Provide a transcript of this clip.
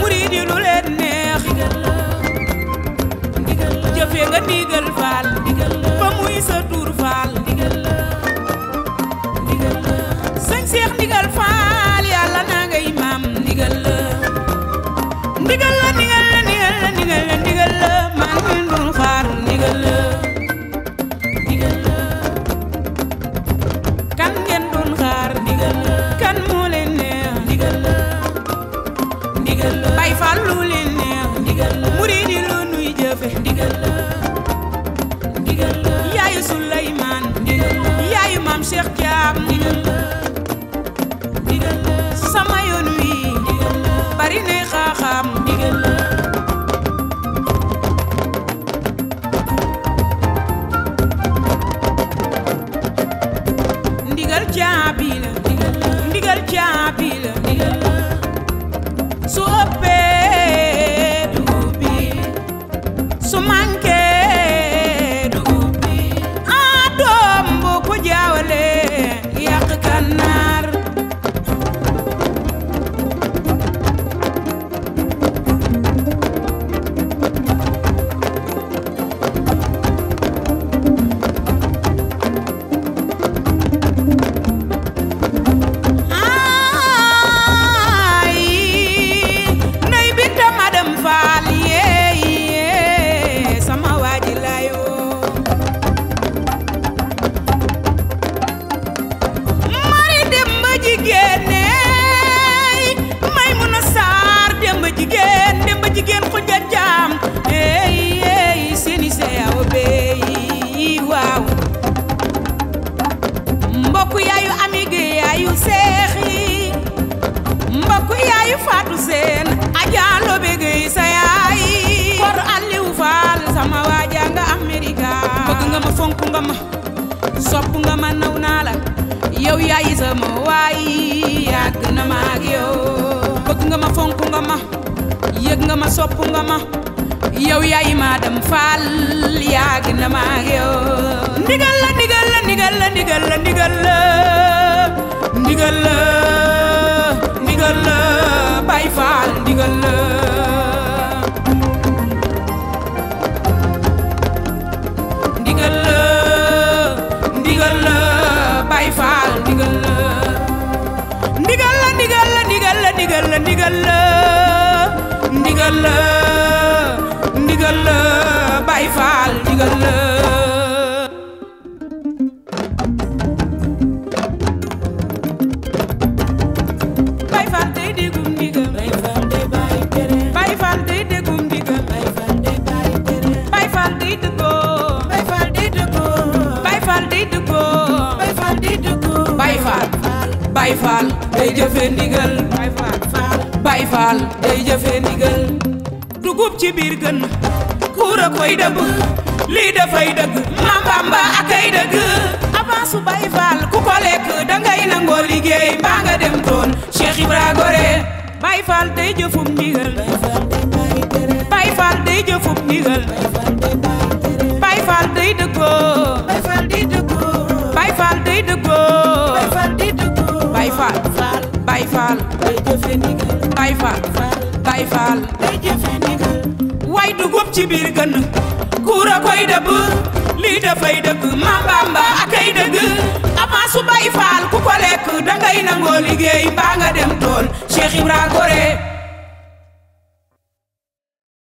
murid yi lu leen neex jëfe nga ndigal faal ba sa tuur faal sëñ Seex ndigal faal yàlla naa ngay ndigal la ndigal la seex yi mbokk yaayu faatu seen ajaalo begey sa yaay kor Aliw Faal sama waajaa nga Amerika bëgg nga ma fonk nga ma sopp nga ma naw naa la yow yaayi sama waay yàgg na ma ak yow bëgg nga ma fonk nga ma yëg nga ma sopp nga ma yow yaayi maa dem faal yàgg na ma ak yow ndigal la ndigal la ndigal la ndigal la ndigal la ndigal la Baay Faal ndigal la ndigal la ndigal la Baay Faal ndigal la ndigal la ndigal la ndigal la ndigal la ndigal la ndigal la ndigal la Baay Faal ndigal la Baay Faal day jëfe ndigal Baay Faal day jëfe ndigal dugub ci biir gën kuura koy dëbb lii dafay dëgg Maam Bamba akay dëgg avance u Faal ku ko lekk dangay nangoo liggéey mbaa nga dem toon Cheikh Ibra Gore Faal day jëfum ndigal Baay Faal day jëfum ndigal Baay Faal day dëggoo Baay Faal Baay Faal day jëfe way dugub ci biir gën kuura koy dëbb lii dafay dëgg ma Bamba akay dëgg amaasu Baay Faal ku ko lekk dangay nangoo liggéey mbaa nga dem tool Cheikh Ibra Gore